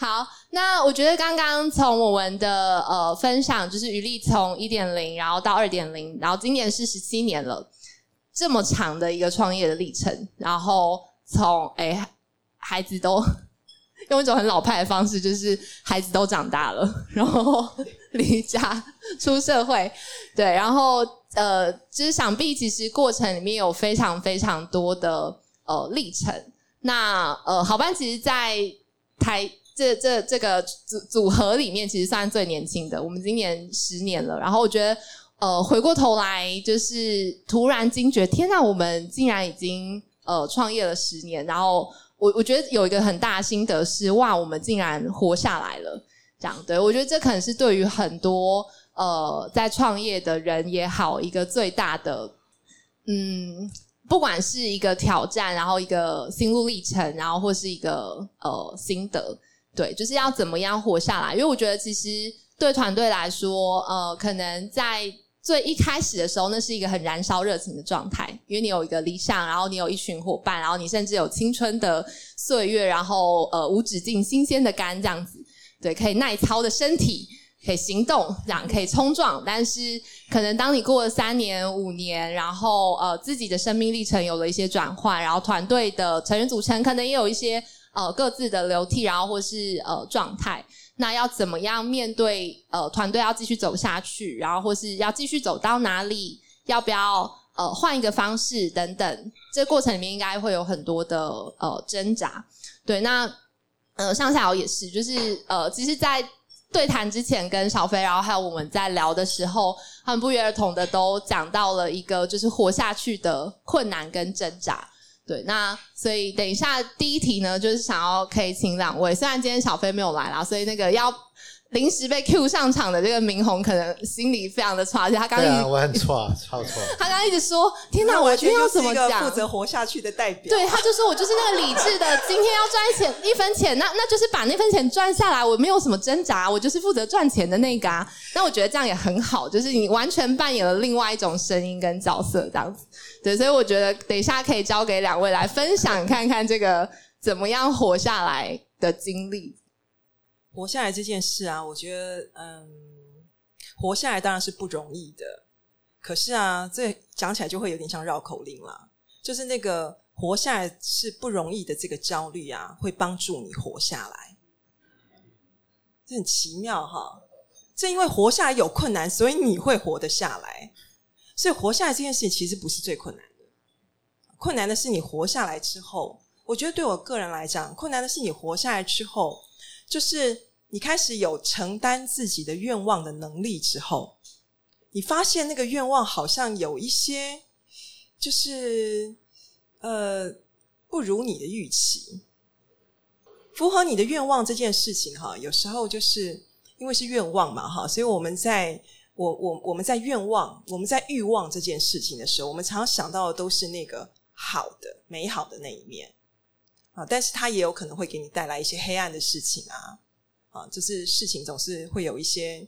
好，那我覺得剛剛從我們的呃分享，就是魚麗從一點零，然後到二點零，然後今年是十七年了，這麼長的一個創業的歷程，然後從誒、欸、孩子都用一種很老派的方式，就是孩子都長大了，然後離家出社會，對，然後呃，其、就、實、是、想必其實過程裡面有非常非常多的呃歷程，那呃好伴其實在台。這這這個組組合裡面其實算是最年輕的，我們今年十年了。然後我覺得，呃，回過頭來就是突然驚覺，天啊，我們竟然已經呃創業了十年。然後我我覺得有一個很大心得是，哇，我們竟然活下來了。這樣對，我覺得這可能是對於很多呃在創業的人也好，一個最大的嗯，不管是一個挑戰，然後一個心路歷程，然後或是一個呃心得。對，就是要怎麼樣活下來？因為我覺得，其實對團隊來說，呃，可能在最一開始的時候，那是一個很燃燒熱情的狀態，因為你有一個理想，然後你有一群夥伴，然後你甚至有青春的歲月，然後呃，無止境、新鮮的肝這樣子。對，可以耐操的身體，可以行動，這樣可以衝撞。但是，可能當你過了三年、五年，然後呃，自己的生命歷程有了一些轉換，然後團隊的成員組成可能也有一些。呃，各自的流涕，然後或是呃狀態，那要怎麼樣面對？呃，團隊要繼續走下去，然後或是要繼續走到哪裡？要不要呃換一個方式等等？這過程裡面應該會有很多的呃掙扎。對，那呃，上下游也是，就是呃，其實，在對談之前跟小飛，然後還有我們在聊的時候，很不約而同的都講到了一個就是活下去的困難跟掙扎。對，那所以等一下第一題呢，就是想要可以請兩位，雖然今天小飛沒有來啦，所以那個要臨時被 Cue 上場的這個名宏，可能心裡非常的差，而且他剛剛、啊、我很差差錯，挫挫。他剛剛一直說，天哪，我今天要怎麼講，完全就是一個負責活下去的代表，對，他就說我就是那個理智的， 今天要賺錢一分錢，那那就是把那分錢賺下來，我沒有什麼掙扎，我就是負責賺錢的那個啊。那我覺得這樣也很好，就是你完全扮演了另外一種聲音跟角色這樣子。對，所以我覺得等一下可以交給兩位來分享，看看這個怎麼樣活下來的經歷。活下來這件事啊，我覺得，嗯，活下來當然是不容易的。可是啊，這講起來就會有點像繞口令啦，就是那個活下來是不容易的這個焦慮啊，會幫助你活下來。這很奇妙哈、哦，正因為活下來有困難，所以你會活得下來。所以活下來這件事情其實不是最困難的，困難的是你活下來之後，我覺得對我個人來講，困難的是你活下來之後，就是你開始有承擔自己的願望的能力之後，你發現那個願望好像有一些，就是呃，不如你的預期，符合你的願望這件事情哈，有時候就是因為是願望嘛哈，所以我們在。我我我們在願望，我們在慾望這件事情的時候，我們常常想到的都是那個好的、美好的那一面，啊，但是它也有可能會給你帶來一些黑暗的事情啊，啊，就是事情總是會有一些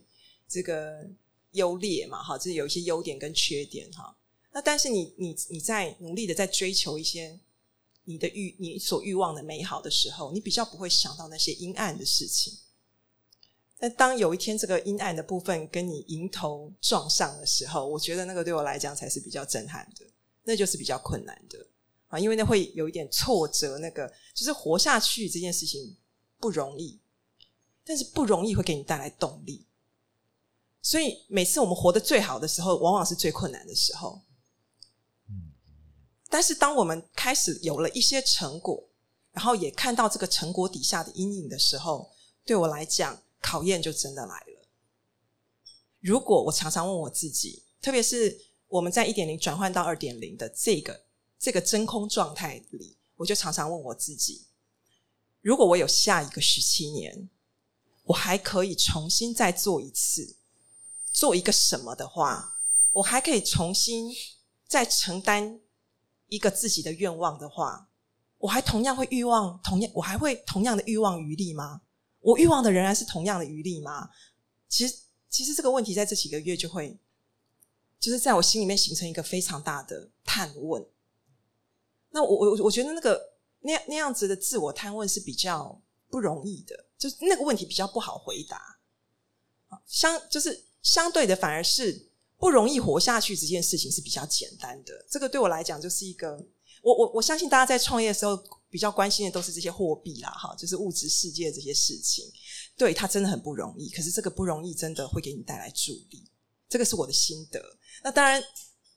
這個優劣嘛，哈，就是有一些優點跟缺點哈。那但是你你你在努力的在追求一些你的欲你所慾望的美好的時候，你比較不會想到那些陰暗的事情。那當有一天這個陰暗的部分跟你迎頭撞上的時候，我覺得那個對我來講才是比較震撼的，那就是比較困難的啊，因為那會有一點挫折。那個就是活下去這件事情不容易，但是不容易會給你帶來動力。所以每次我們活得最好的時候，往往是最困難的時候。嗯，但是當我們開始有了一些成果，然後也看到這個成果底下的陰影的時候，對我來講。考驗就真的來了。如果我常常問我自己，特別是我們在一點零轉換到二點零的這個這個真空狀態裡，我就常常問我自己：如果我有下一個十七年，我還可以重新再做一次，做一個什麼的話，我還可以重新再承擔一個自己的願望的話，我還同樣會慾望，同樣我還會同樣的慾望餘力嗎？我欲望的仍然是同樣的魚麗嗎？其實，其實這個問題在這幾個月就會，就是在我心裡面形成一個非常大的探問。那我我我覺得那個那那樣子的自我探問是比較不容易的，就是那個問題比較不好回答相。相就是相對的，反而是不容易活下去這件事情是比較簡單的。這個對我來講就是一個我，我我我相信大家在創業的時候。比較關心的都是這些貨幣啦，哈，就是物質世界這些事情，對他真的很不容易。可是這個不容易真的會給你帶來助力，這個是我的心得。那當然，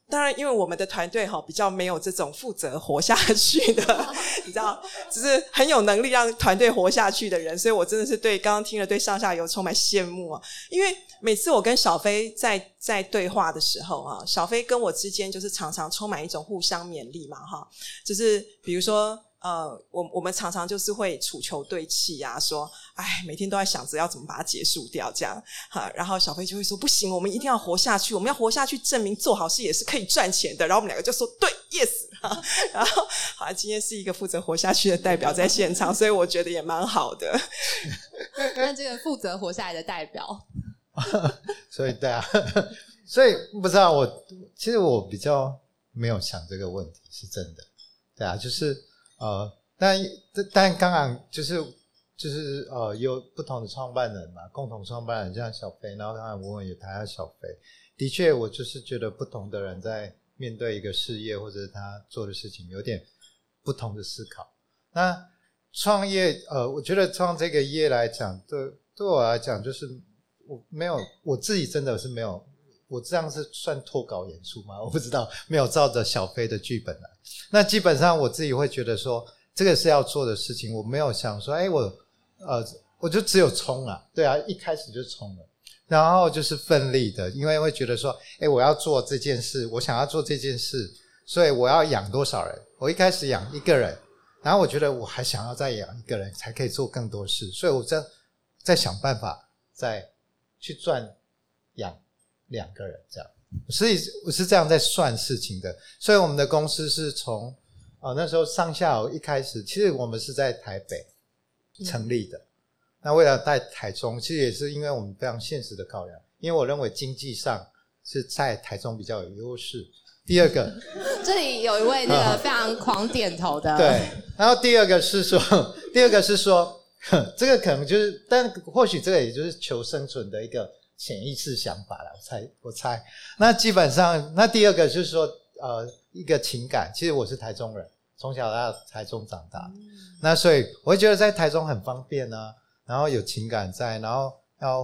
當然，因為我們的團隊哈比較沒有這種負責活下去的， 你知道，只、就是很有能力讓團隊活下去的人，所以我真的是對剛剛聽了對上下游充滿羨慕啊。因為每次我跟小飛在在對話的時候啊，小飛跟我之間就是常常充滿一種互相勉勵嘛，哈，就是比如說。呃，uh, 我我們常常就是會處球對氣呀、啊，說，哎，每天都在想着要怎麼把它結束掉，這樣哈、啊。然後小飛就會說，不行，我們一定要活下去，我們要活下去，證明做好事也是可以賺錢的。然後我們兩個就說對，對，yes、啊。然後，好、啊，今天是一個負責活下去的代表在現場，吧所以我覺得也蠻好的。那這個負責活下來的代表，所以對啊，所以不知道、啊、我，其實我比較沒有想這個問題，是真的，對啊，就是。呃，但但剛剛就是就是呃，有不同的創辦人嘛，共同創辦人像小飛，然後剛才紋雯也談下小飛。的確，我就是覺得不同的人在面對一個事業或者他做的事情，有點不同的思考。那創業，呃，我覺得創這個業來講，對對我來講，就是我沒有我自己真的是沒有。我這樣是算脫稿演出嗎？我不知道，沒有照着小飛的劇本啊。那基本上我自己會覺得說，這個是要做的事情。我沒有想說，哎，我呃，我就只有衝啊，對啊，一開始就沖了，然後就是奮力的，因為會覺得說，哎，我要做這件事，我想要做這件事，所以我要養多少人？我一開始養一個人，然後我覺得我還想要再養一個人才可以做更多事，所以我在在想辦法，再去賺。兩個人這樣，所以我是這樣在算事情的。所以我們的公司是從啊、呃、那時候上下游一開始，其實我們是在台北成立的。那為了在台中，其實也是因為我們非常現實的考量，因為我認為經濟上是在台中比較有優勢。第二個，這裡有一位那個非常狂點頭的、嗯。對，然後第二個是說，第二個是說，這個可能就是，但或許這個也就是求生存的一個。潛意識想法了，我猜我猜，那基本上，那第二個就是說，呃，一個情感，其實我是台中人，從小到台中長大，嗯、那所以我會覺得在台中很方便啊，然後有情感在，然後要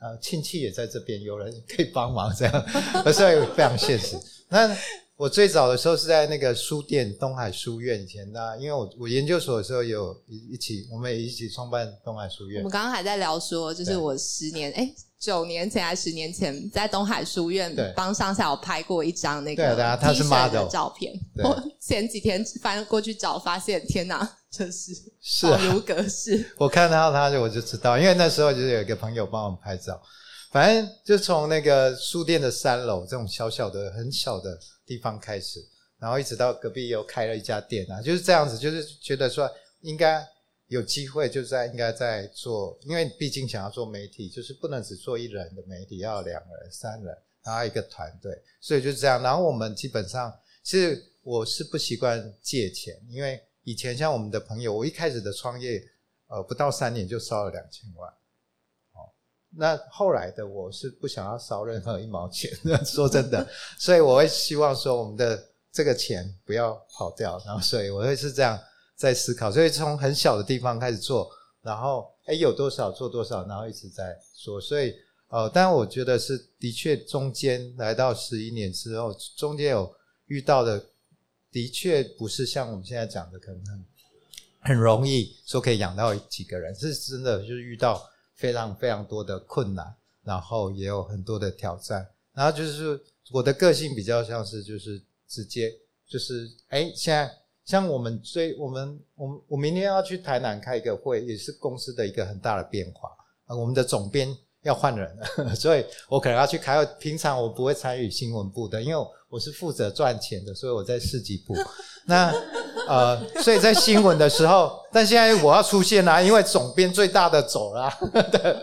呃親戚也在這邊，有人可以幫忙，這樣，所 以非常現實，那。我最早的時候是在那個書店東海書院以前的，啊，因為我我研究所的時候有一起，我們也一起創辦東海書院。我們剛剛還在聊說，就是我十年哎對、欸、九年前還是十年前，在東海書院幫對上下游拍過一張那個對啊，他是媽的照片。El, 我前幾天翻過去找，發現天哪，真是恍，啊，如隔世。我看到他就我就知道，因為那時候就是有一個朋友幫我們拍照，反正就從那個書店的三樓這種小小的很小的。地方開始，然後一直到隔壁又開了一家店啊，就是這樣子，就是覺得說應該有機會就在，應該在做，因為畢竟想要做媒體，就是不能只做一人的媒體，要兩人、三人，然後一個團隊，所以就是這樣。然後我們基本上，其實我是不習慣借錢，因為以前像我們的朋友，我一開始的創業，呃，不到三年就燒了兩千萬。那後來的我是不想要燒任何一毛錢，說真的，所以我會希望說我們的這個錢不要跑掉，然後所以我會是這樣在思考，所以從很小的地方開始做，然後哎、欸、有多少做多少，然後一直在說，所以呃，但我覺得是的確中間來到十一年之後，中間有遇到的的確不是像我們現在講的可能很，很容易說可以養到幾個人，是真的就是遇到。非常非常多的困難，然後也有很多的挑戰，然後就是我的個性比較像是就是直接就是誒、欸，現在像我們追我們我們我明天要去台南開一個會，也是公司的一個很大的變化啊，我們的總編。要換人了，所以我可能要去開，平常我不會參與新聞部的，因為我是負責賺錢的，所以我在市集部。那呃，所以在新聞的時候，但現在我要出現啦，啊，因為總編最大的走啦，哈哈，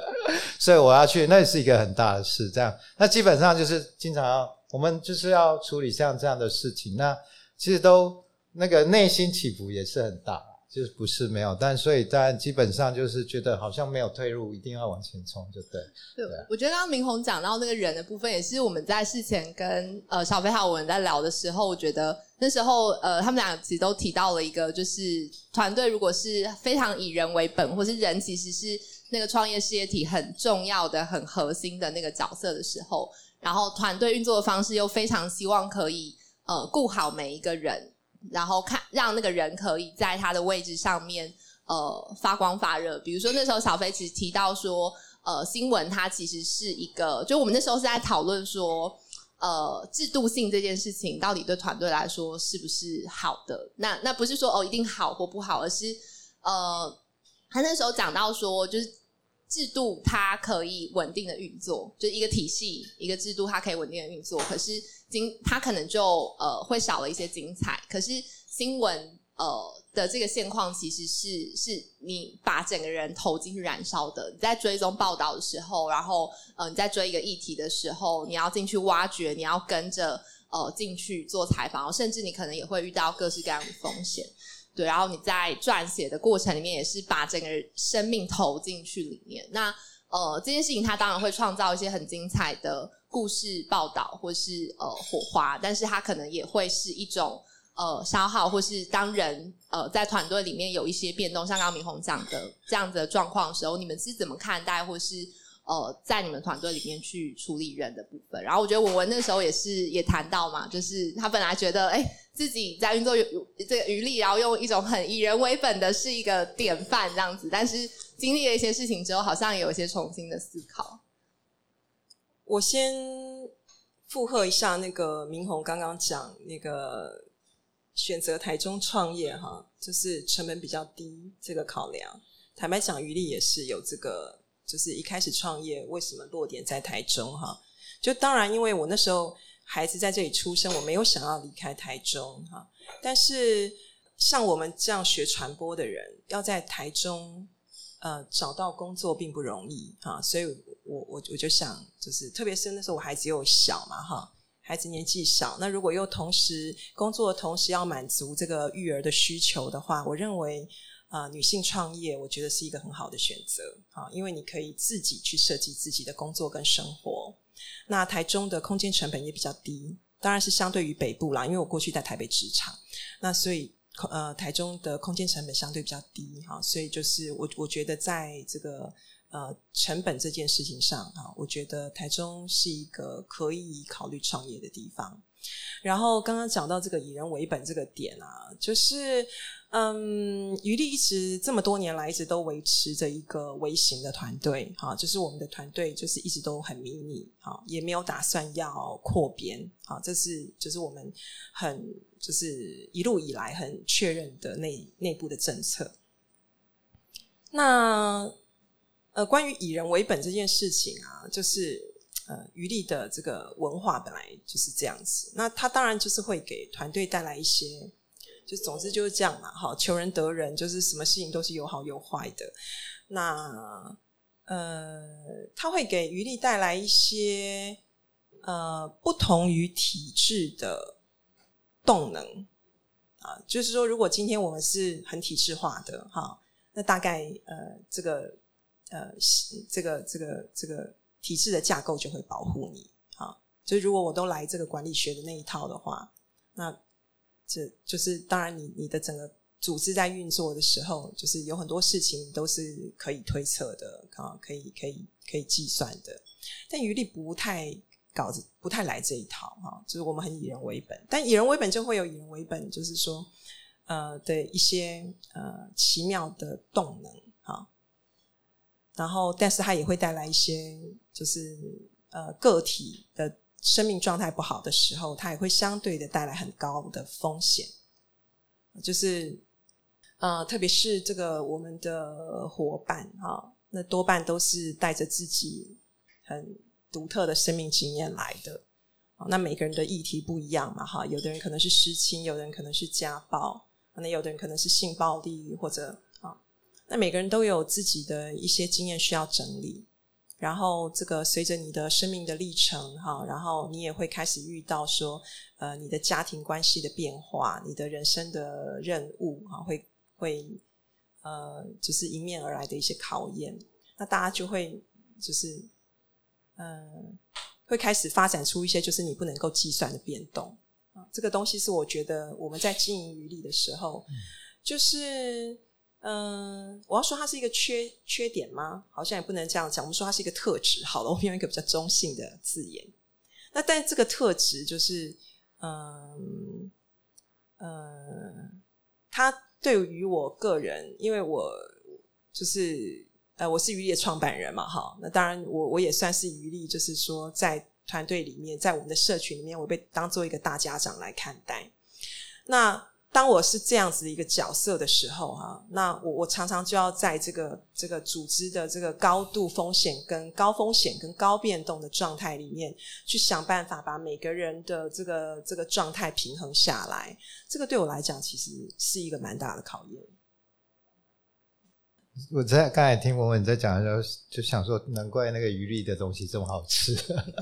所以我要去，那也是一個很大的事，這樣。那基本上就是經常要我們就是要處理像這樣的事情。那其實都那個內心起伏也是很大。就是不是沒有，但所以但基本上就是覺得好像沒有退路，一定要往前衝，就對。對啊。對，我覺得剛剛名宏講到那個人的部分，也是我們在事前跟呃小飛還有我們在聊的時候，我覺得那時候呃他們倆其實都提到了一個，就是團隊如果是非常以人為本，或是人其實是那個創業事業體很重要的、很核心的那個角色的時候，然後團隊運作的方式又非常希望可以呃顧好每一個人。然後看讓那個人可以在他的位置上面，呃，發光發熱。比如說那時候小飛其實提到說，呃，新聞它其實是一個，就我們那時候是在討論說，呃，制度性這件事情到底對團隊來說是不是好的？那那不是說哦一定好或不好，而是呃，他那時候講到說就是。制度它可以穩定的運作，就一個體系，一個制度它可以穩定的運作。可是精，它可能就呃會少了一些精彩。可是新聞呃的這個現況其實是是你把整個人投進去燃燒的。你在追蹤報道的時候，然後嗯，呃，你在追一個議題的時候，你要進去挖掘，你要跟着呃進去做採訪，甚至你可能也會遇到各式各樣的風險。對，然後你在撰寫的過程裡面也是把整個生命投進去裡面。那呃，這件事情它當然會創造一些很精彩的故事報道，或是呃火花，但是它可能也會是一種呃消耗，或是當人呃在團隊裡面有一些變動，像剛剛名宏講的這樣子的狀況的時候，你們是怎麼看待，或是？呃，在你們團隊裡面去處理人的部分，然後我覺得紋雯那時候也是也談到嘛，就是他本來覺得哎，自己在運作有這個魚麗，然後用一種很以人為本的是一個典範這樣子，但是經歷了一些事情之後，好像也有一些重新的思考。我先附和一下那個名宏剛剛講那個選擇台中創業哈，就是成本比較低這個考量，坦白講魚麗也是有這個。就是一開始創業，為什麼落點在台中哈？就當然，因為我那時候孩子在這裡出生，我沒有想要離開台中哈。但是像我們這樣學傳播的人，要在台中呃找到工作並不容易哈，所以我，我我我就想，就是特別是那時候我孩子又小嘛哈，孩子年紀小，那如果又同時工作，同時要滿足這個育兒的需求的話，我認為。啊、呃，女性創業我覺得是一個很好的選擇啊、哦，因為你可以自己去設計自己的工作跟生活。那台中的空間成本也比較低，當然是相對於北部啦，因為我過去在台北職場，那所以呃台中的空間成本相對比較低哈、哦，所以就是我我覺得在這個呃成本這件事情上啊、哦，我覺得台中是一個可以考慮創業的地方。然後剛剛講到這個以人為本這個點啊，就是。嗯，um, 魚麗一直這麼多年來一直都維持着一個微型的團隊，啊，就是我們的團隊就是一直都很迷你，啊，也沒有打算要擴編，啊，這是就是我們很就是一路以來很確認的內內部的政策。那呃，關於以人為本這件事情啊，就是呃，魚麗的這個文化本來就是這樣子，那它當然就是會給團隊帶來一些。就總之就是這樣嘛，好，求人得人，就是什麼事情都是有好有壞的。那呃，他會給魚麗帶來一些呃不同於體制的動能啊。就是說，如果今天我們是很體制化的哈，那大概呃這個呃這個這個這個體制的架構就會保護你啊。所以，如果我都來這個管理學的那一套的話，那。這就是當然你，你你的整個組織在運作的時候，就是有很多事情都是可以推測的啊，可以可以可以計算的。但魚麗不太搞不太來這一套哈。就是我們很以人為本，但以人為本就會有以人為本，就是說呃對一些呃奇妙的動能哈。然後，但是它也會帶來一些就是呃個體的。生命狀態不好的時候，它也會相對的帶來很高的風險。就是，呃，特別是這個我們的夥伴啊、哦，那多半都是帶着自己很獨特的生命經驗來的。哦、那每個人的議題不一樣嘛，哈、哦，有的人可能是失親，有的人可能是家暴，可能有的人可能是性暴力或者啊、哦，那每個人都有自己的一些經驗需要整理。然後，這個隨着你的生命的歷程，哈，然後你也會開始遇到說，呃，你的家庭關係的變化，你的人生的任務啊，會會呃，就是迎面而來的一些考驗。那大家就會就是，嗯、呃，會開始發展出一些就是你不能夠計算的變動。這個東西是我覺得我們在經營魚麗的時候，就是。嗯、呃，我要說它是一個缺缺點嗎？好像也不能這樣講。我們說它是一個特質，好了，我們用一個比較中性的字眼。那但這個特質就是，嗯、呃、嗯、呃，它對於我個人，因為我就是呃，我是魚麗的創辦人嘛，哈。那當然我，我我也算是魚麗，就是說在團隊裡面，在我們的社群裡面，我被當做一個大家長來看待。那。當我是這樣子一個角色的時候啊，那我我常常就要在這個這個組織的這個高度風險、跟高風險、跟高變動的狀態裡面，去想辦法把每個人的這個這個狀態平衡下來。這個對我來講，其實是一個蠻大的考驗。我在剛才聽紋雯在講的時候，就想說，難怪那個魚麗的東西這麼好吃，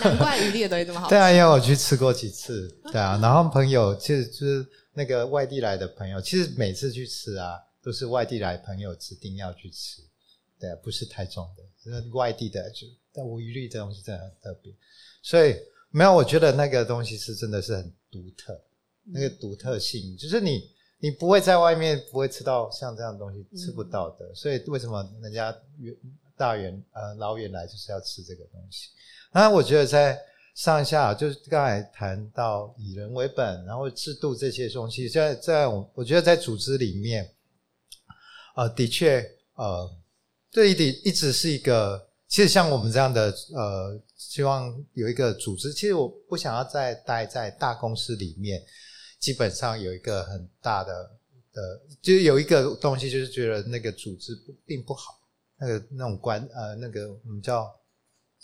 難怪魚麗的東西這麼好吃。 對啊，因為我去吃過幾次，對啊， 然後朋友其實就是。就那個外地來的朋友，其實每次去吃啊，都是外地來朋友指定要去吃，對，不是太重的，是外地的就但魚麗這東西真的很特別，所以沒有，我覺得那個東西是真的是很獨特，嗯、那個獨特性就是你你不會在外面不會吃到像這樣的東西，吃不到的，嗯、所以為什麼人家遠大遠呃老遠來就是要吃這個東西？那我覺得在。上一下就是剛才談到以人為本，然後制度這些東西，在在我，我覺得在組織裡面，呃，的確，呃，這一點一直是一個，其實像我們這樣的，呃，希望有一個組織。其實我不想要再待在大公司裡面，基本上有一個很大的，的，就有一個東西，就是覺得那個組織並不好，那個那種關，呃，那個我們叫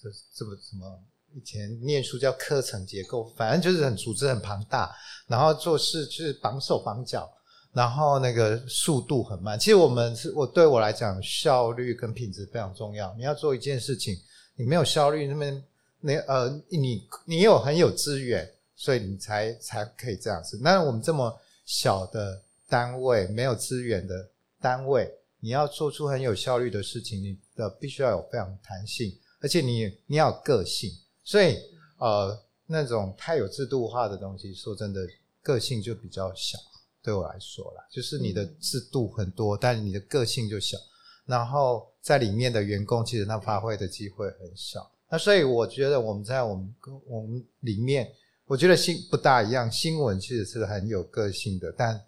這什麼什麼。以前念書叫課程結構，反正就是很組織很龐大，然後做事就是綁手綁腳，然後那個速度很慢。其實我們是我對我來講，效率跟品質非常重要。你要做一件事情，你沒有效率，那麼那呃，你你有很有資源，所以你才才可以這樣子。那我們這麼小的單位，沒有資源的單位，你要做出很有效率的事情，你的必須要有非常彈性，而且你你要有個性。所以，呃，那種太有制度化的東西，說真的，個性就比較小。對我來說啦，就是你的制度很多，但你的個性就小。然後在裡面的員工，其實他發揮的機會很小。那所以，我覺得我們在我們我們裡面，我覺得新不大一樣。新聞其實是很有個性的，但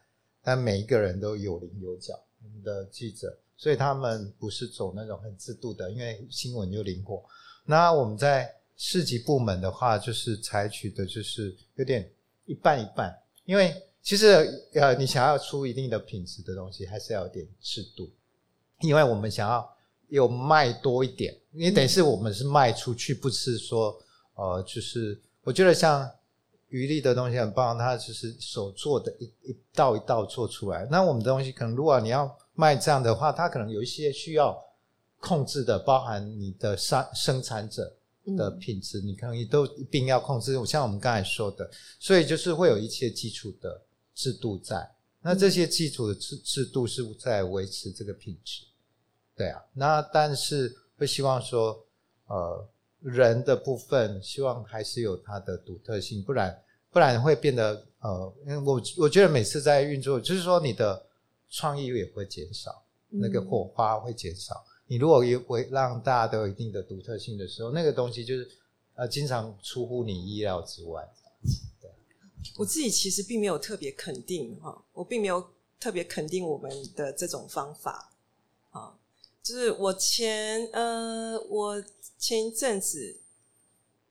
但每一個人都有稜有角，我們的記者，所以他們不是走那種很制度的，因為新聞又靈活。那我們在。市集部門的話，就是採取的，就是有點一半一半，因為其實呃，你想要出一定的品質的東西，還是要有點制度。因為我們想要有賣多一點，因為等於是我們是賣出去，不是說呃，就是我覺得像魚麗的東西，很棒，他就是手做的一一道一道做出來。那我們的東西可能，如果你要賣這樣的話，他可能有一些需要控制的，包含你的生生產者。的品質，你看，你都一併要控制。像我們剛才說的，所以就是會有一些基礎的制度在，那這些基礎的制制度是在維持這個品質，對啊。那但是會希望說，呃，人的部分希望還是有它的獨特性，不然不然會變得呃，因為我我覺得每次在運作，就是說你的創意也會減少，那個火花會減少。嗯你如果有會讓大家都有一定的獨特性的時候，那個東西就是呃經常出乎你意料之外。對，我自己其實並沒有特別肯定哈，我並沒有特別肯定我們的這種方法啊，就是我前呃，我前一陣子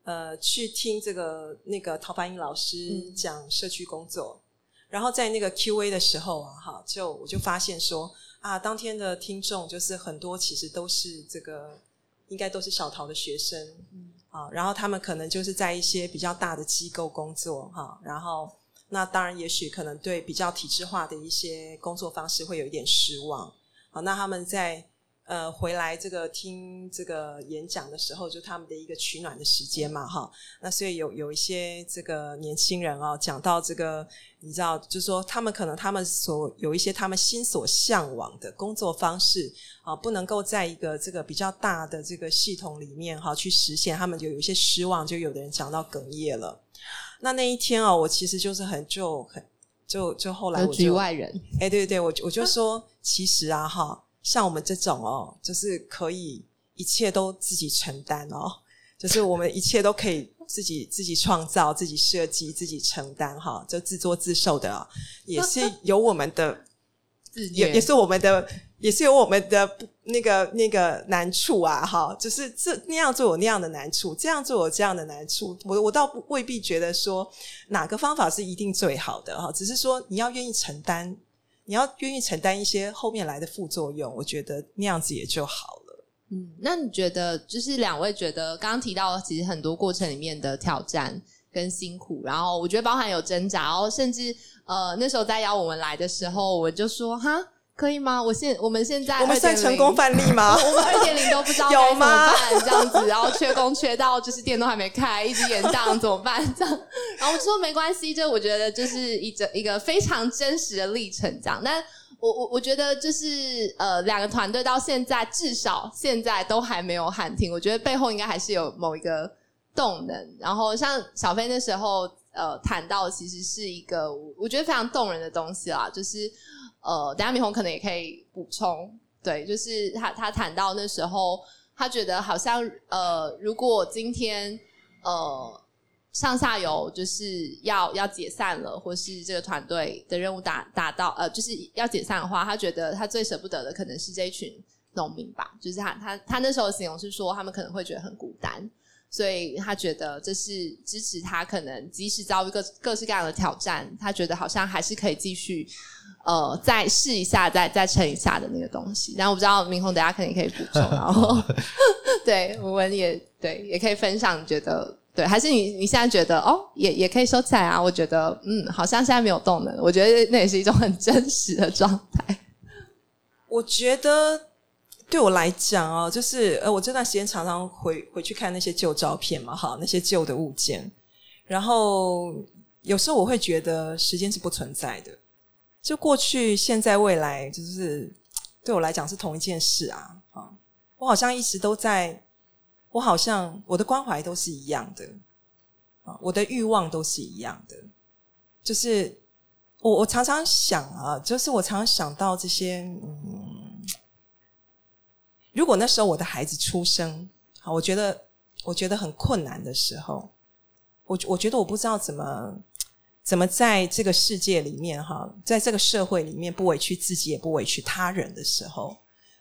呃去聽這個那個陶蕃瀛老師講社區工作，嗯、然後在那個 Q&A 的時候啊，哈，就我就發現說。啊，當天的聽眾就是很多，其實都是這個，應該都是小桃的學生，嗯，啊，然後他們可能就是在一些比較大的機構工作，哈，然後那當然也許可能對比較體制化的一些工作方式會有一點失望，好，那他們在。呃，回來這個聽這個演講的時候，就他們的一個取暖的時間嘛，哈。那所以有有一些這個年輕人啊，講到這個，你知道，就是說他們可能他們所有一些他們心所向往的工作方式啊，不能夠在一個這個比較大的這個系統裡面哈去實現，他們就有一些失望，就有的人講到哽咽了。那那一天啊，我其實就是很就很就就後來我局外人，哎、欸，對對對，我就我就說、啊、其實啊，哈。像我們這種哦，就是可以一切都自己承擔哦，就是我們一切都可以自己自己創造、自己設計、自己承擔哈、哦，就自作自受的、哦，也是有我們的，也 也是我們的，也是有我們的那個那個難處啊、哦，哈，就是這那樣做有那樣的難處，這樣做有這樣的難處，我我倒不未必覺得說哪個方法是一定最好的哈、哦，只是說你要願意承擔。你要願意承擔一些後面來的副作用，我覺得那樣子也就好了。嗯，那你覺得就是兩位覺得剛剛提到其實很多過程裡面的挑戰跟辛苦，然後我覺得包含有掙扎，然後甚至，呃，那時候在邀我們來的時候，我就說哈。可以嗎？我現我們現在 0, 我們算成功範例嗎？ 我們二點零都不知道怎麼辦，嗎這樣子，然後缺工缺到就是店都還沒開，一直延宕怎麼辦？這樣，然後我就說沒關係，這我覺得就是一整一個非常真實的歷程，這樣。那我我我覺得就是呃，兩個團隊到現在至少現在都還沒有喊停，我覺得背後應該還是有某一個動能。然後像小飛那時候呃談到，其實是一個我覺得非常動人的東西啦，就是。呃，等一下名宏可能也可以補充，對，就是他他談到那時候，他覺得好像呃，如果今天呃上下游就是要要解散了，或是這個團隊的任務達達到呃，就是要解散的話，他覺得他最捨不得的可能是這一群農民吧，就是他他他那時候形容是說，他們可能會覺得很孤單。所以他覺得這是支持他，可能即使遭遇各各式各樣的挑戰，他覺得好像還是可以繼續，呃，再試一下，再再撐一下的那個東西。然後我不知道名宏，等下肯定可以補充。然後 對紋雯也對也可以分享，覺得對，還是你你現在覺得哦，也也可以收起來啊？我覺得嗯，好像現在沒有動能，我覺得那也是一種很真實的狀態。我覺得。對我來講哦、啊，就是呃，我這段時間常常回回去看那些舊照片嘛，哈，那些舊的物件。然後有時候我會覺得時間是不存在的，就過去、現在、未來，就是對我來講是同一件事啊。啊，我好像一直都在，我好像我的關懷都是一樣的，我的欲望都是一樣的。就是我我常常想啊，就是我常常想到這些，嗯。如果那時候我的孩子出生，好，我覺得我覺得很困難的時候，我我覺得我不知道怎麼怎麼在這個世界裡面哈，在這個社會裡面不委屈自己也不委屈他人的時候，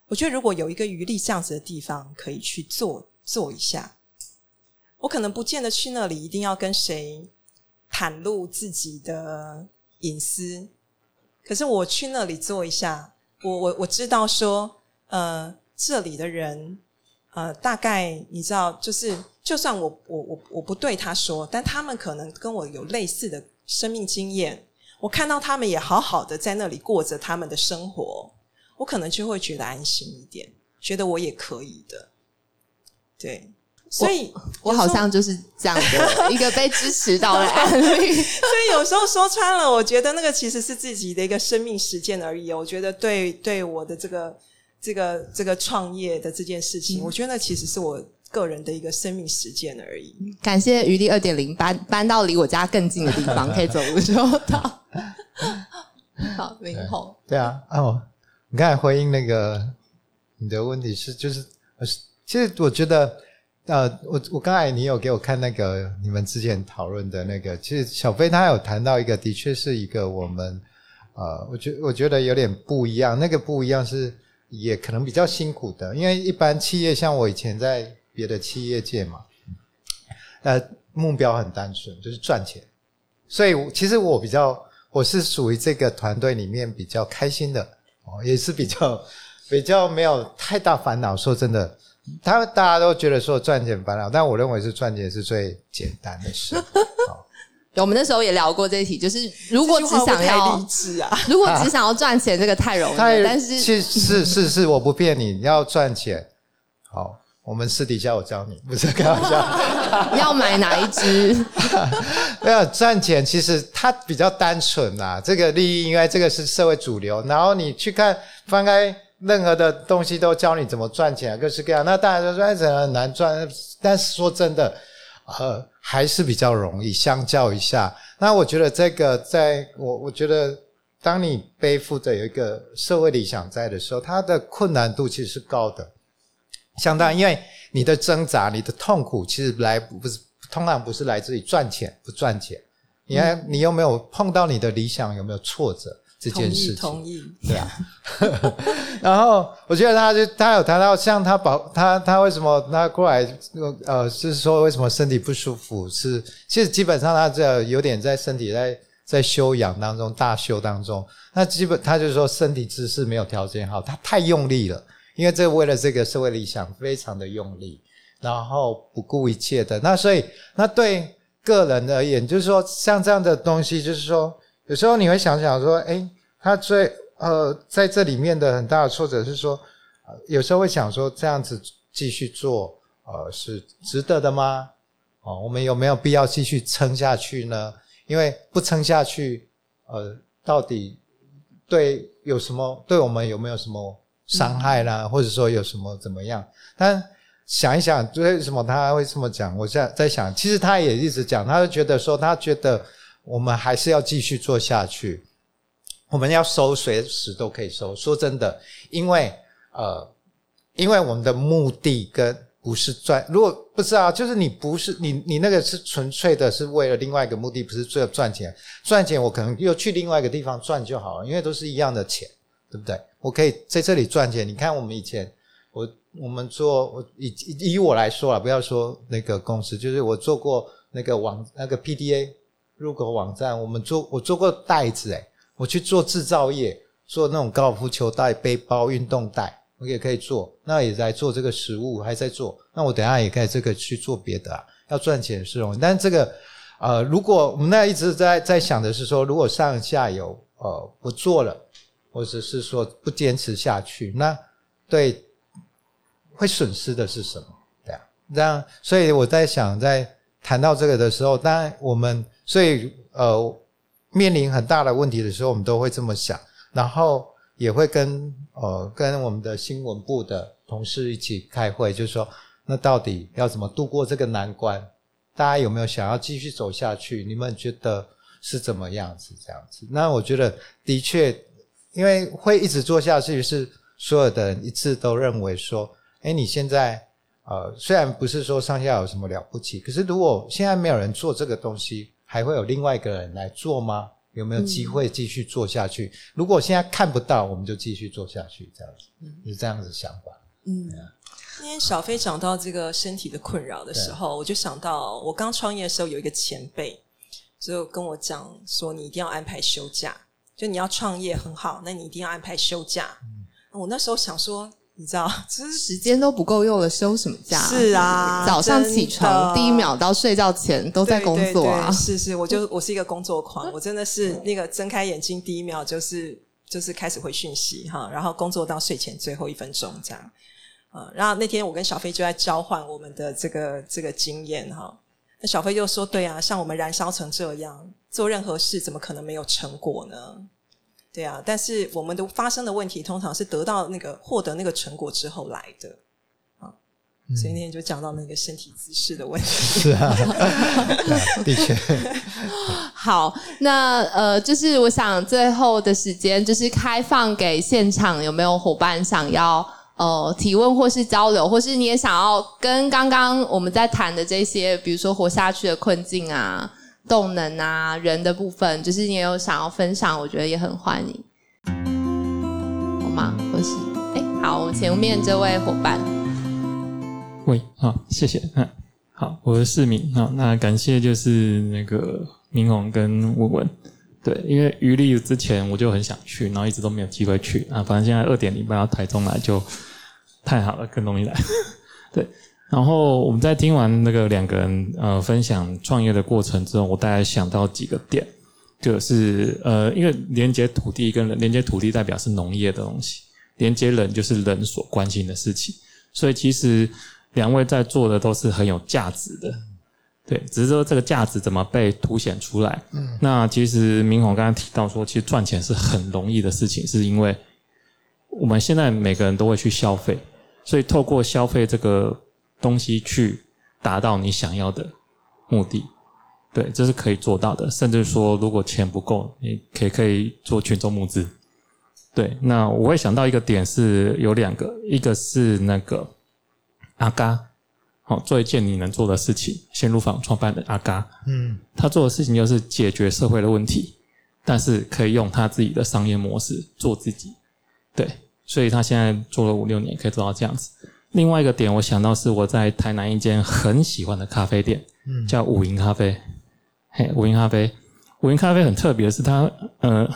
我覺得如果有一個魚麗這樣子的地方可以去坐坐一下，我可能不見得去那裡一定要跟誰袒露自己的隱私，可是我去那裡坐一下，我我我知道說呃。這裡的人，呃，大概你知道，就是就算我我我我不對他說，但他們可能跟我有類似的生命經驗，我看到他們也好好的在那裡過着他們的生活，我可能就會覺得安心一點，覺得我也可以的。對，所以我，我好像就是這樣的 一個被支持到的案例。 所以有時候說穿了，我覺得那個其實是自己的一個生命實踐而已。我覺得對對我的這個。這個這個創業的這件事情，嗯、我覺得那其實是我個人的一個生命實踐而已。感謝魚麗二點零搬搬到離我家更近的地方，可以走路的時候到。 好，名對宏對，對啊，哦，你剛才回應那個你的問題是，就是其實我覺得，呃，我我剛才你有給我看那個你們之前討論的那個，其實小飛他有談到一個，的確是一個我們呃，我覺得我覺得有點不一樣，那個不一樣是。也可能比較辛苦的，因為一般企業像我以前在別的企業界嘛，呃，目標很單純，就是賺錢。所以其實我比較，我是屬於這個團隊裡面比較開心的哦，也是比較比較沒有太大煩惱。說真的，他們大家都覺得說賺錢煩惱，但我認為是賺錢是最簡單的事。 我們那時候也聊過這一題，就是如果只想要勵志啊，如果只想要賺錢，啊、這個太容易。太但是其是是是是，我不騙你，你要賺錢， 好，我們私底下我教你，不是開玩笑。 要買哪一支？ 沒有賺錢，其實它比較單純啦、啊。這個利益應該這個是社會主流。然後你去看，翻開任何的東西都教你怎麼賺錢、啊，各式各樣。那大家都說哎，很難賺，但是說真的，呃。還是比較容易，相較一下，那我覺得這個在，在我我覺得，當你背負着有一個社會理想在的時候，它的困難度其實是高的。相當，因為你的掙扎、你的痛苦，其實來不是，通常不是來自於賺錢不賺錢，你看你有沒有碰到你的理想，有沒有挫折？這件事同意對啊。 然後我覺得他就他有談到，像他保他他為什麼他過來呃，就是說為什麼身體不舒服是？是其實基本上他只有點在身體在在休養當中大休當中，那基本他就說身體姿勢沒有調整好，他太用力了，因為這為了這個社會理想非常的用力，然後不顧一切的。那所以那對個人而言，就是說像這樣的東西，就是說有時候你會想想說，哎、欸。他最呃在這裡面的很大的挫折是說，有時候會想說這樣子繼續做，呃是值得的嗎？哦，我們有沒有必要繼續撐下去呢？因為不撐下去，呃到底對有什麼對我們有沒有什麼傷害啦，嗯、或者說有什麼怎麼樣？但想一想，為什麼他會這麼講？我在在想，其實他也一直講，他就覺得說他覺得我們還是要繼續做下去。我們要收隨時都可以收。說真的，因為呃，因為我們的目的跟不是賺，如果不知道，就是你不是你你那個是純粹的是為了另外一個目的，不是為了賺錢。賺錢我可能又去另外一個地方賺就好了，因為都是一樣的錢，對不對？我可以在這裡賺錢。你看我們以前，我我們做，以以我來說啦，不要說那個公司，就是我做過那個網那個 PDA 入口網站，我們做我做過袋子哎。我去做製造業，做那種高爾夫球袋、背包、運動袋。我也可以做。那也在做這個食物，還在做。那我等下也可以這個去做別的啊，要賺錢是容易。但這個，呃，如果我們那一直在在想的是說，如果上下游呃不做了，或者是說不堅持下去，那對會損失的是什麼？對啊，這樣。所以我在想，在談到這個的時候，當然我們所以呃。面臨很大的問題的時候，我們都會這麼想，然後也會跟呃跟我們的新聞部的同事一起開會，就說那到底要怎麼度過這個難關？大家有沒有想要繼續走下去？你們覺得是怎麼樣子？這樣子？那我覺得的確，因為會一直做下去是，是所有的人一致都認為說，哎、欸，你現在呃雖然不是說上下游什麼了不起，可是如果現在沒有人做這個東西。還會有另外一個人來做嗎？有沒有機會繼續做下去？嗯、如果現在看不到，我們就繼續做下去，這樣子嗯，是這樣子想法。嗯，今天、嗯、小飛講到這個身體的困擾的時候，對我就想到我剛創業的時候有一個前輩就跟我講說：“你一定要安排休假，就你要創業很好，那你一定要安排休假。嗯”我那時候想說。你知道，其實時間都不夠用了，休什麼假？是啊，早上起床，第一秒到睡覺前都在工作啊。對對對是是，我就我，我是一個工作狂，我真的是那個睜開眼睛第一秒就是就是開始回訊息哈，然後工作到睡前最後一分鐘這樣啊。然後那天我跟小飛就在交換我們的這個這個經驗哈，那小飛就說：“對啊，像我們燃燒成這樣，做任何事怎麼可能沒有成果呢？”對啊，但是我們的發生的問題，通常是得到那個獲得那個成果之後來的啊，所以那天就講到那個身體姿勢的問題。是啊，啊， 啊，的確。好，那呃，就是我想最後的時間，就是開放給現場有沒有夥伴想要呃提問，或是交流，或是你也想要跟剛剛我們在談的這些，比如說活下去的困境啊。動能啊，人的部分，就是你也有想要分享，我覺得也很歡迎，嗯、好嗎？我是哎、欸，好，我前面這位夥伴，喂，好，謝謝，嗯，好，我是世民。好，那感謝就是那個名宏跟紋雯，對，因為魚麗之前我就很想去，然後一直都沒有機會去啊，反正現在二點零搬到台中來就太好了，更容易來，對。然後我們在聽完那個兩個人呃分享創業的過程之後，我大概想到幾個點，就是呃，因為連接土地跟人，連接土地代表是農業的東西，連接人就是人所關心的事情，所以其實兩位在做的都是很有價值的，對，只是說這個價值怎麼被凸顯出來。那其實名宏剛剛提到說，其實賺錢是很容易的事情，是因為我們現在每個人都會去消費，所以透過消費這個。東西去達到你想要的目的，對，這是可以做到的。甚至說，如果錢不夠，你可以可以做群眾募資。對，那我會想到一個點，是有兩個，一個是那個阿嘎，好、哦，做一件你能做的事情。鮮乳坊創辦的阿嘎，嗯，他做的事情就是解決社會的問題，但是可以用他自己的商業模式做自己。對，所以他現在做了五六年，可以做到這樣子。另外一個點，我想到是我在台南一間很喜歡的咖啡店，嗯、叫五營咖啡。嘿、hey,，五營咖啡，五營咖啡很特別的是他，它呃，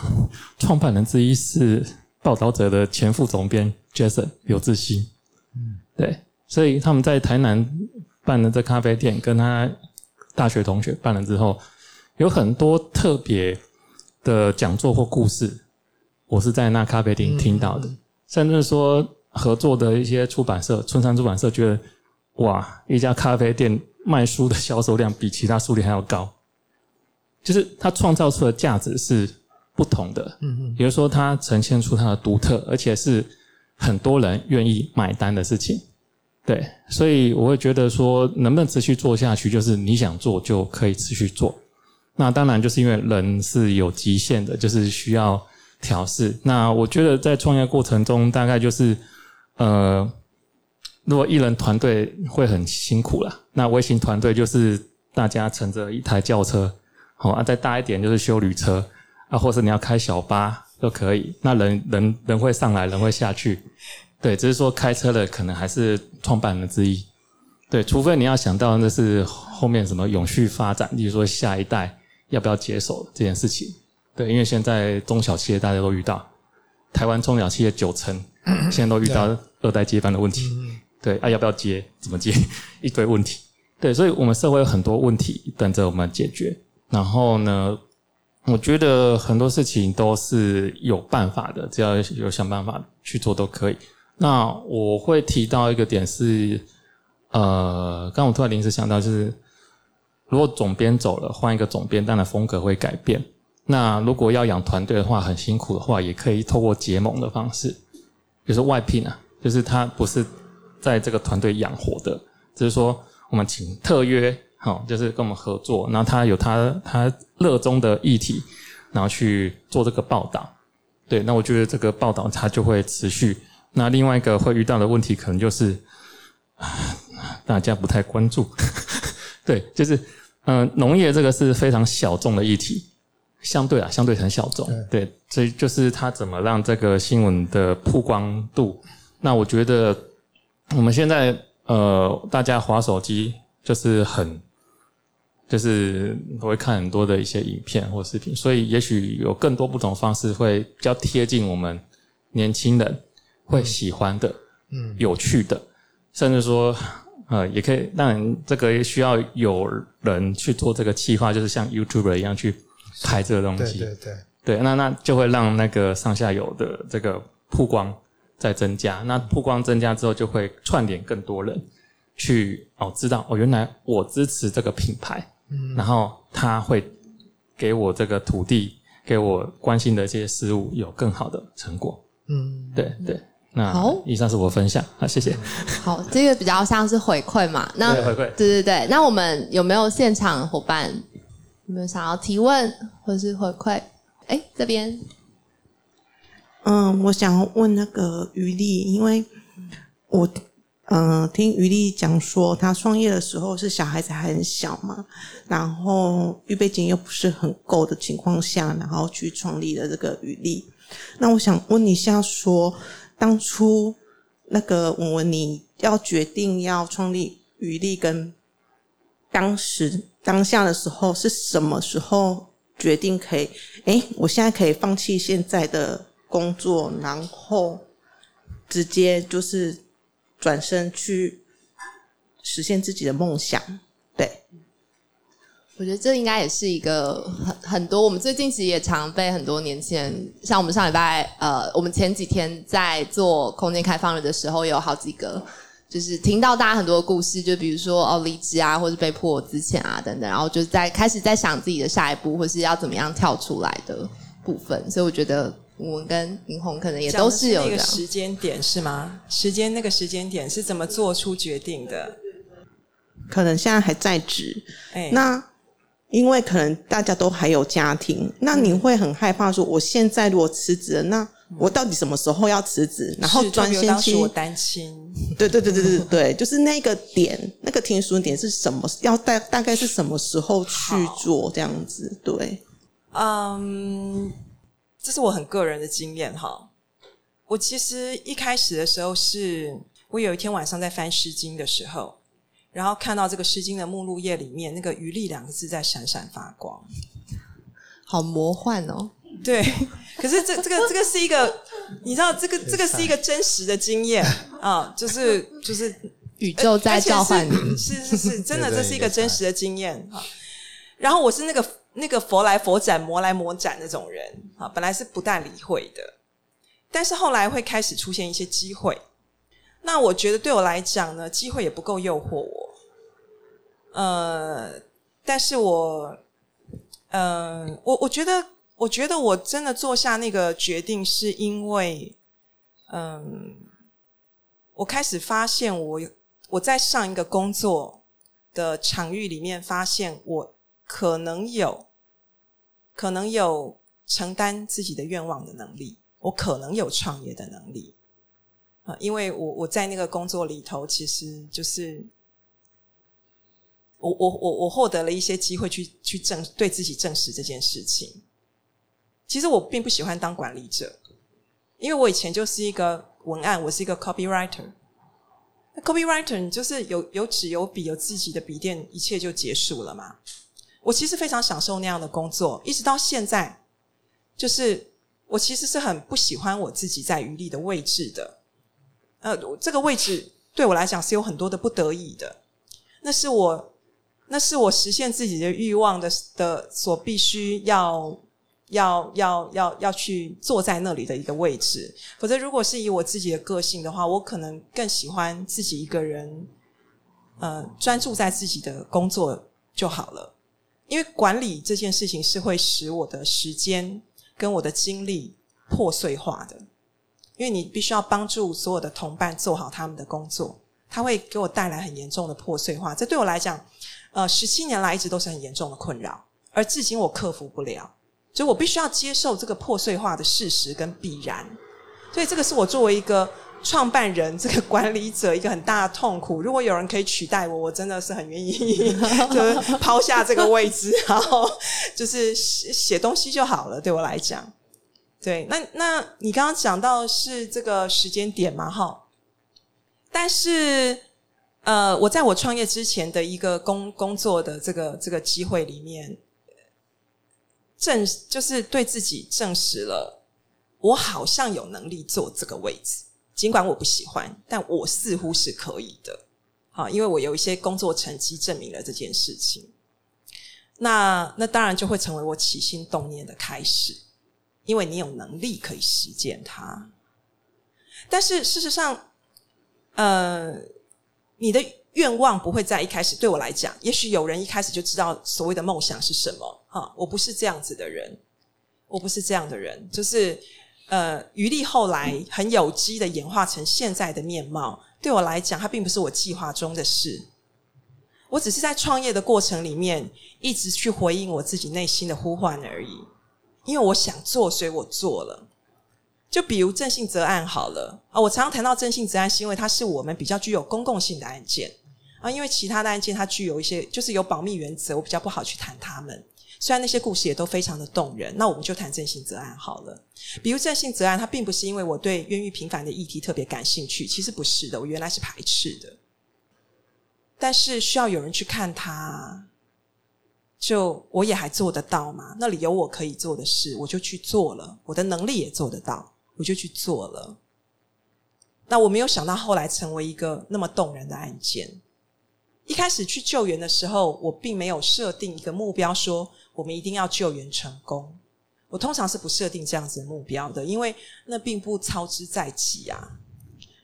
創辦人之一是《報導者》的前副總編 Jason 劉致昕。嗯，對，所以他們在台南辦了這咖啡店，跟他大學同學辦了之後，有很多特別的講座或故事，我是在那咖啡店聽到的，嗯、甚至說。合作的一些出版社，春山出版社覺得，哇，一家咖啡店賣書的銷售量比其他書店還要高，就是它創造出的價值是不同的，嗯嗯哼，比如說它呈現出它的獨特，而且是很多人願意買單的事情，對，所以我會覺得說，能不能持續做下去，就是你想做就可以持續做，那當然就是因為人是有極限的，就是需要調試。那我覺得在創業過程中，大概就是。呃，如果一人團隊會很辛苦啦。那微型團隊就是大家乘着一台轎車，好、哦、啊，再大一點就是休旅車，啊，或是你要開小巴都可以。那人人人會上來，人會下去，對，只是說開車的可能還是創辦人之一，對，除非你要想到那是後面什麼永續發展，例如說下一代要不要接手這件事情，對，因為現在中小企業大家都遇到，台灣中小企業九成。現在都遇到二代接班的問題。Yeah. 對，對啊，要不要接？怎麼接？一堆問題。對，所以我們社會有很多問題等着我們解決。然後呢，我覺得很多事情都是有辦法的，只要有想辦法去做都可以。那我會提到一個點是，呃，剛我突然臨時想到，就是如果總編走了，換一個總編，當然風格會改變。那如果要養團隊的話，很辛苦的話，也可以透過結盟的方式。就是外聘啊，就是他不是在這個團隊養活的，就是說我們請特約，好，就是跟我們合作，然後他有他他熱衷的議題，然後去做這個報道，對，那我覺得這個報道他就會持續。那另外一個會遇到的問題，可能就是大家不太關注， 對，就是嗯，農業這個是非常小眾的議題。相對啊，相對很小眾。對,對，所以就是他怎麼讓這個新聞的曝光度？那我覺得我們現在呃，大家滑手機就是很就是會看很多的一些影片或視頻，所以也許有更多不同方式會比較貼近我們年輕人會喜歡的，嗯，有趣的，甚至說呃，也可以，當然這個也需要有人去做這個企劃，就是像 YouTuber 一樣去。拍這個東西，對對對，對，對，對，那那就會讓那個上下游的這個曝光再增加，那曝光增加之後就會串聯更多人去哦，知道哦，原來我支持這個品牌，嗯，然後他會給我這個土地，給我關心的一些事物有更好的成果，嗯，對對，那好，以上是我分享，好謝謝、嗯。好，這個比較像是回饋嘛，那對回饋，對對對，那我們有沒有現場夥伴？有沒有想要提問或是回饋？哎、欸，這邊，嗯，我想要問那個魚麗，因為我嗯、呃、聽魚麗講說，他創業的時候是小孩子還很小嘛，然後預備金又不是很夠的情況下，然後去創立了這個魚麗。那我想問一下說，說當初那個紋雯，你要決定要創立魚麗，跟當時。當下的時候是什麼時候決定可以？哎，我現在可以放棄現在的工作，然後直接就是轉身去實現自己的夢想。對，我覺得這應該也是一個很很多。我們最近其實也常被很多年輕人，像我們上禮拜呃，我們前幾天在做空間開放日的時候，有好幾個。就是聽到大家很多的故事，就比如說哦離職啊，或是被迫之前啊等等，然後就在開始在想自己的下一步，或是要怎麼樣跳出來的部分。所以我覺得，我跟名宏可能也都是有一個時間點是嗎？時間那個時間點是怎麼做出決定的？可能現在還在職。那因為可能大家都還有家庭，那你會很害怕說，我現在如果辭職了，那？我到底什麼時候要辭職？然後專心去，我當時我單親。對對對對對 對，就是那個點，那個聽書點是什麼？要大大概是什麼時候去做好這樣子？對，嗯，um, 這是我很個人的經驗哈。我其實一開始的時候是，我有一天晚上在翻《詩經》的時候，然後看到這個《詩經》的目錄頁裡面那個“魚麗”兩個字在閃閃發光，好魔幻哦！對。 可是這這個這個是一個，你知道這個這個是一個真實的經驗啊，就是就是宇宙在召喚你，是是是真的，這是一個真實的經驗啊。 對對對對，然後我是那個那個佛來佛斬魔來魔斬那種人啊，本來是不大理會的，但是後來會開始出現一些機會。那我覺得對我來講呢，機會也不夠誘惑我，呃，但是我，嗯、呃，我我覺得。我覺得我真的做下那個決定，是因為，嗯，我開始發現我我在上一個工作的場域裡面，發現我可能有，可能有承擔自己的願望的能力，我可能有創業的能力啊，嗯，因為我我在那個工作裡頭，其實就是我我我我獲得了一些機會去去證對自己證實這件事情。其實我並不喜歡當管理者，因為我以前就是一個文案，我是一個 copywriter。copywriter 你就是有有紙有筆有自己的筆電，一切就結束了嘛。我其實非常享受那樣的工作，一直到現在，就是我其實是很不喜歡我自己在魚麗的位置的。呃，這個位置對我來講是有很多的不得已的，那是我那是我實現自己的欲望的的所必須要。要要要要去坐在那裡的一個位置，否則如果是以我自己的個性的話，我可能更喜歡自己一個人，呃，專注在自己的工作就好了。因為管理這件事情是會使我的時間跟我的精力破碎化的，因為你必須要幫助所有的同伴做好他們的工作，他會給我帶來很嚴重的破碎化。這對我來講，呃，十七年來一直都是很嚴重的困擾，而至今我克服不了。所以我必須要接受這個破碎化的事實跟必然，所以這個是我作為一個創辦人，這個管理者一個很大的痛苦。如果有人可以取代我，我真的是很願意 就是拋下這個位置，然後就是寫寫東西就好了。對我來講，對，那那你剛剛講到是這個時間點嘛？哈，但是呃，我在我創業之前的一個工工作的這個這個機會裡面。證就是對自己證實了，我好像有能力坐這個位置，儘管我不喜歡，但我似乎是可以的。好、啊，因為我有一些工作成績證明了這件事情。那那當然就會成為我起心動念的開始，因為你有能力可以實踐它。但是事實上，呃，你的。願望不會在一開始，對我來講，也許有人一開始就知道所謂的夢想是什麼哈、啊，我不是這樣子的人，我不是這樣的人，就是呃，魚麗後來很有機的演化成現在的面貌。對我來講，它並不是我計劃中的事，我只是在創業的過程裡面一直去回應我自己內心的呼喚而已，因為我想做，所以我做了。就比如鄭性澤案好了啊，我常常談到鄭性澤案，是因為它是我們比較具有公共性的案件啊。因為其他的案件，它具有一些就是有保密原則，我比較不好去談他們。雖然那些故事也都非常的動人，那我們就談鄭性澤案好了。比如鄭性澤案，它並不是因為我對冤獄平反的議題特別感興趣，其實不是的，我原來是排斥的。但是需要有人去看它，就我也還做得到嘛？那裡有我可以做的事，我就去做了，我的能力也做得到。我就去做了，那我沒有想到後來成為一個那麼動人的案件。一開始去救援的時候，我並沒有設定一個目標，說我們一定要救援成功。我通常是不設定這樣子的目標的，因為那並不操之在己啊。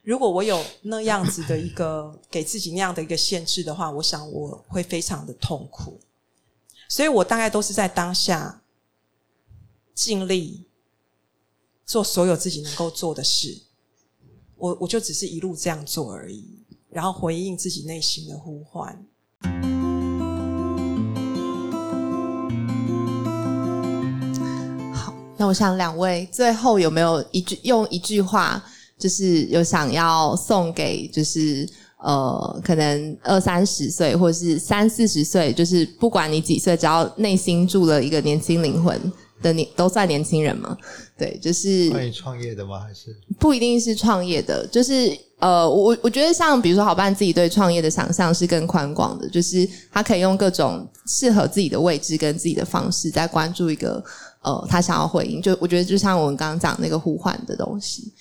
如果我有那樣子的一個給自己那樣的一個限制的話，我想我會非常的痛苦。所以我大概都是在當下盡力。做所有自己能夠做的事，我我就只是一路這樣做而已，然後回應自己內心的呼喚。好，那我想兩位最後有沒有一句，用一句話，就是有想要送給，就是呃，可能二三十歲，或是三四十歲，就是不管你幾歲，只要內心住了一個年輕靈魂，的你都算年輕人嗎？對，就是創業的嗎？還是不一定是創業的，就是呃，我我覺得像比如說，好伴自己對創業的想象是更寬廣的，就是他可以用各種適合自己的位置跟自己的方式，在關注一個呃，他想要回應。就我覺得就像我們剛剛講那個呼喚的東西，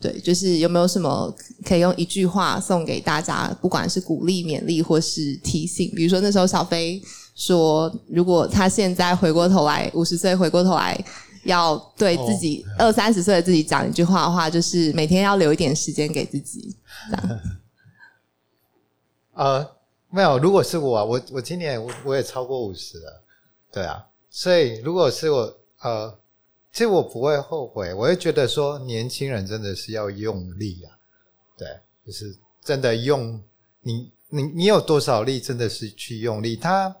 對，就是有沒有什麼可以用一句話送給大家，不管是鼓勵、勉勵或是提醒，比如說那時候小飛。說，如果他現在回過頭來，五十歲回過頭來，要對自己二三十歲的自己講一句話的話，就是每天要留一點時間給自己。這樣。呃，沒有，如果是我，啊，我我今年我也超過五十了，對啊，所以如果是我，呃，其實我不會後悔，我會覺得說，年輕人真的是要用力啊，對，就是真的用你你你有多少力，真的是去用力他。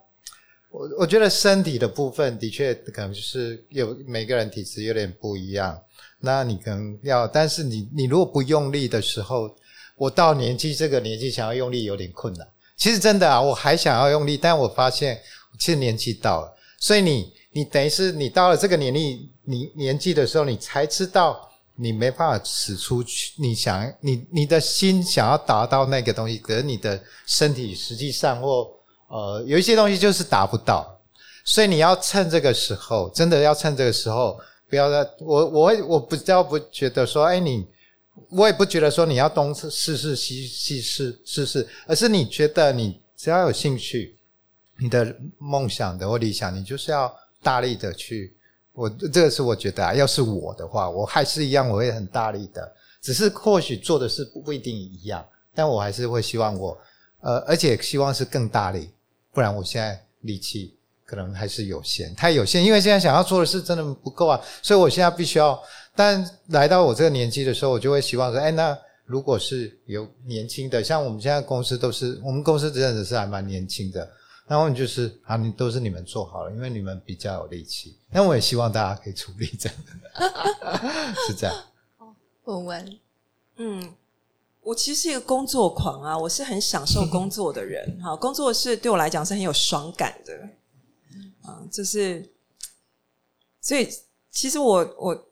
我我覺得身體的部分的確可能就是有每個人體質有點不一樣，那你可能要，但是你你如果不用力的時候，我到年紀這個年紀想要用力有點困難。其實真的啊，我還想要用力，但我發現我其實年紀到了，所以你你等於是你到了這個年紀，你年紀的時候，你才知道你沒辦法使出去。你想你你的心想要達到那個東西，可是你的身體實際上或。呃，有一些東西就是達不到，所以你要趁這個時候，真的要趁這個時候，不要再我我會我不知道不覺得說，哎、欸、你，我也不覺得說你要東試試西試試試，而是你覺得你只要有興趣，你的夢想的或理想，你就是要大力的去，我這個是我覺得，啊，要是我的話，我還是一樣，我會很大力的，只是或許做的事不一定一樣，但我還是會希望我，呃，而且希望是更大力。不然我現在力氣可能還是有限，太有限，因為現在想要做的事真的不夠啊，所以我現在必須要。但來到我這個年紀的時候，我就會希望說，哎，那如果是有年輕的，像我們現在公司都是，我們公司真的是還蠻年輕的。然後就是啊，你都是你們做好了，因為你們比較有力氣。那我也希望大家可以處理這樣，真的，是這樣。紋雯，嗯。我其實是一個工作狂啊，我是很享受工作的人，哈，工作是對我來講是很有爽感的，就是，所以其實我我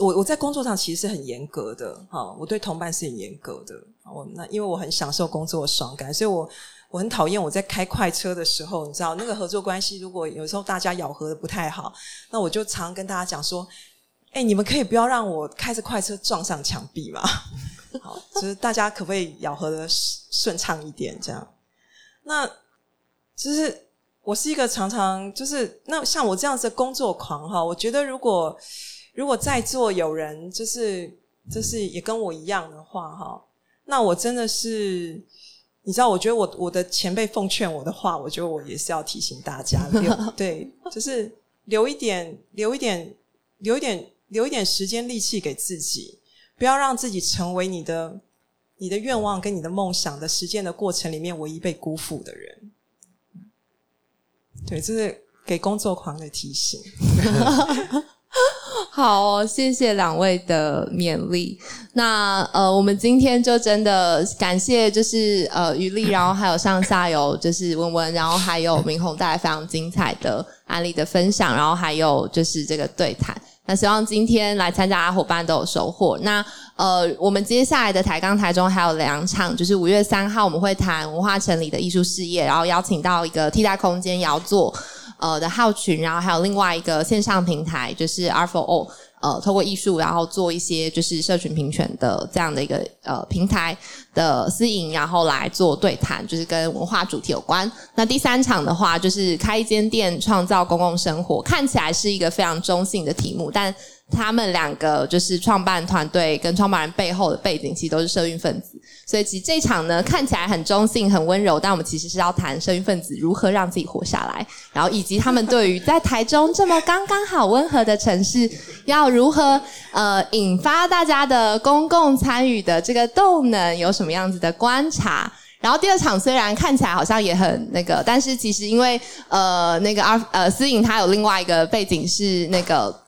我我在工作上其實是很嚴格的，哈，我對同伴是很嚴格的，我那因為我很享受工作的爽感，所以我我很討厭我在開快車的時候，你知道那個合作關係，如果有時候大家咬合的不太好，那我就常跟大家講說，哎，你們可以不要讓我開着快車撞上牆壁嗎？好，就是大家可不可以咬合的順暢一點？這樣，那就是我是一個常常就是那像我這樣子的工作狂哈。我覺得如果如果在座有人就是就是也跟我一樣的話哈，那我真的是你知道，我覺得我我的前輩奉勸我的話，我覺得我也是要提醒大家，對，就是留一點留一點留一點留一點時間力氣給自己。不要讓自己成為你的你的願望跟你的夢想的實踐的過程裡面唯一被辜負的人。對，這、就是給工作狂的提醒。 好、哦，謝謝兩位的勉勵。那呃，我們今天就真的感謝，就是呃，魚麗，然後還有上下游，就是紋雯， 然後還有名宏，帶來非常精彩的案例的分享，然後還有就是這個對談。那希望今天來參加的夥伴都有收穫。那呃，我們接下來的抬槓台中還有兩場，就是五月三號我們會談文化城裡的藝術事業，然後邀請到一個替代空間窯座呃的浩群，然後還有另外一個線上平台就是 Art For All，呃，透過藝術，然後做一些就是社群平權的這樣的一個呃平台的私營，然後來做對談，就是跟文化主題有關。那第三場的話，就是開一間店，創造公共生活，看起來是一個非常中性的題目，但，他們兩個就是創辦團隊跟創辦人背後的背景，其實都是社運分子，所以其實這一場呢，看起來很中性、很溫柔，但我們其實是要談社運分子如何讓自己活下來，然後以及他們對於在台中這麼剛剛好溫和的城市，要如何呃引發大家的公共參與的這個動能，有什麼樣子的觀察？然後第二場雖然看起來好像也很那個，但是其實因為呃那個阿呃思盈她有另外一個背景是那個。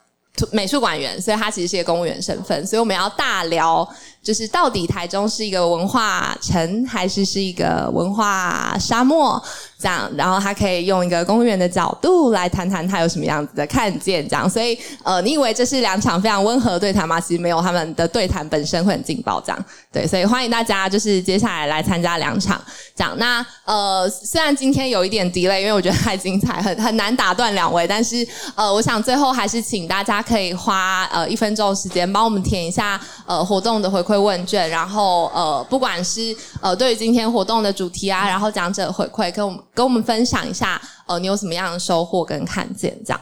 美術館員，所以他其實是一個公務員身份，所以我們要大聊。就是到底台中是一個文化城，還是是一個文化沙漠？這樣，然後他可以用一個公務員的角度來談談他有什麼樣子的看見，這樣。所以，呃，你以為這是兩場非常溫和的對談嗎？其實沒有，他們的對談本身會很勁爆，這樣。對，所以歡迎大家就是接下來來參加兩場。這樣，那呃，雖然今天有一點 delay，因為我覺得太精彩，很很難打斷兩位，但是呃，我想最後還是請大家可以花呃一分鐘的時間幫我們填一下呃活動的回饋。問卷，然後呃，不管是呃，對於今天活動的主題啊，然後講者回饋，跟我們跟我們分享一下，呃，你有什麼樣的收穫跟看見這樣？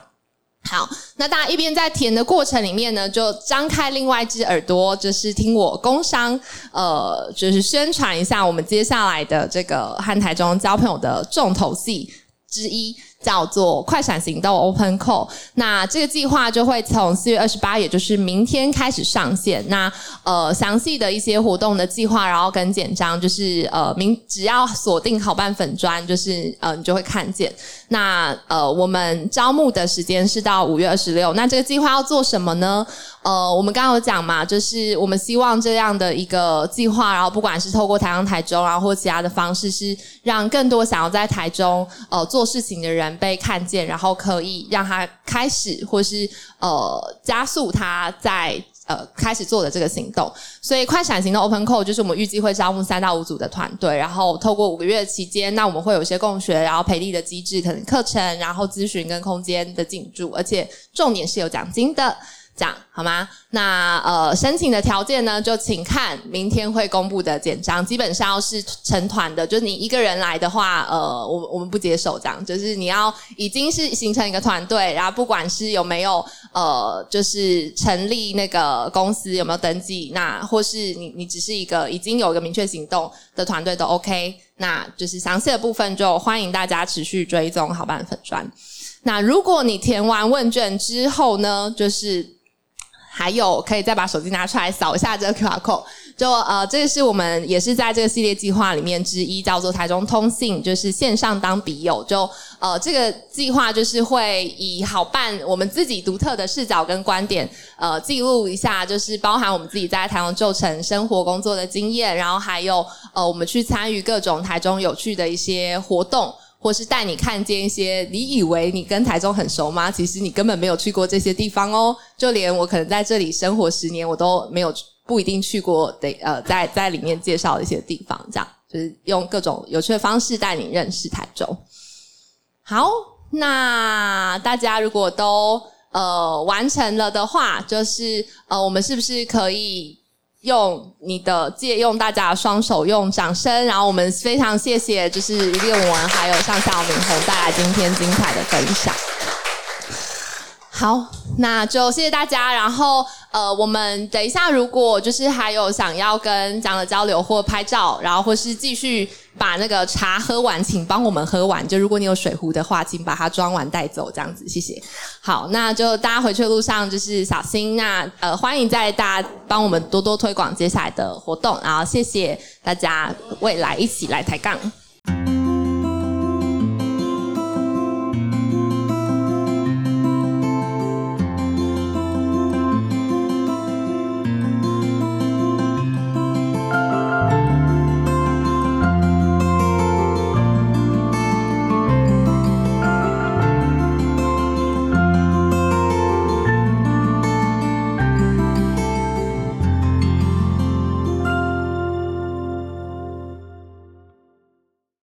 好，那大家一邊在填的過程裡面呢，就張開另外一隻耳朵，就是聽我工商呃，就是宣傳一下我們接下來的這個和台中交朋友的重頭戲之一。叫做快閃行動 Open Call，那這個計劃就會從四月二十八，也就是明天開始上線。那呃，詳細的一些活動的計劃，然後跟簡章，就是呃明只要鎖定好伴粉專，就是呃你就會看見。那呃，我們招募的時間是到五月二十六。那這個計劃要做什麼呢？呃，我們剛剛有講嘛，就是我們希望這樣的一個計劃，然後不管是透過抬槓台中然後或其他的方式，是讓更多想要在台中呃做事情的人，被看見，然後可以讓他開始，或是呃加速他在呃開始做的這個行動。所以，快閃型的 open call 就是我們預計會招募三到五組的團隊，然後透過五個月期間，那我們會有一些共學、然後培力的機制、可能課程、然後諮詢跟空間的進駐，而且重點是有獎金的。這樣好嗎？那呃，申請的條件呢，就請看明天會公布的簡章。基本上是成團的，就是你一個人來的話，呃，我我們不接受這樣。就是你要已經是形成一個團隊，然後不管是有沒有呃，就是成立那個公司有沒有登記，那或是你你只是一個已經有一個明確行動的團隊都 OK。那就是詳細的部分就歡迎大家持續追蹤好伴粉專。那如果你填完問卷之後呢，就是。還有可以再把手機拿出來掃一下這個 QR code，就呃，這個是我們也是在這個系列計劃裡面之一，叫做台中通信，就是線上當筆友。就呃，這個計劃就是會以好伴我們自己獨特的視角跟觀點，呃，記錄一下，就是包含我們自己在台中舊城生活工作的經驗，然後還有呃，我們去參與各種台中有趣的一些活動。或是帶你看見一些你以為你跟台中很熟嗎？其實你根本沒有去過這些地方哦。就連我可能在這裡生活十年，我都沒有不一定去過的，呃，在在裡面介紹一些地方，這樣，就是用各種有趣的方式帶你認識台中。好，那大家如果都，呃，完成了的話，就是，呃，我們是不是可以？用你的，借用大家的雙手，用掌聲，然後我們非常謝謝，就是魚麗紋雯還有上下游名宏帶來今天精彩的分享。好，那就謝謝大家。然後，呃，我們等一下，如果就是還有想要跟講的交流或拍照，然後或是繼續。把那個茶喝完，請幫我們喝完。就如果你有水壺的話，請把它裝完帶走，這樣子謝謝。好，那就大家回去的路上就是小心。那呃，歡迎在大家幫我們多多推廣接下來的活動，然後謝謝大家，未來一起來抬槓。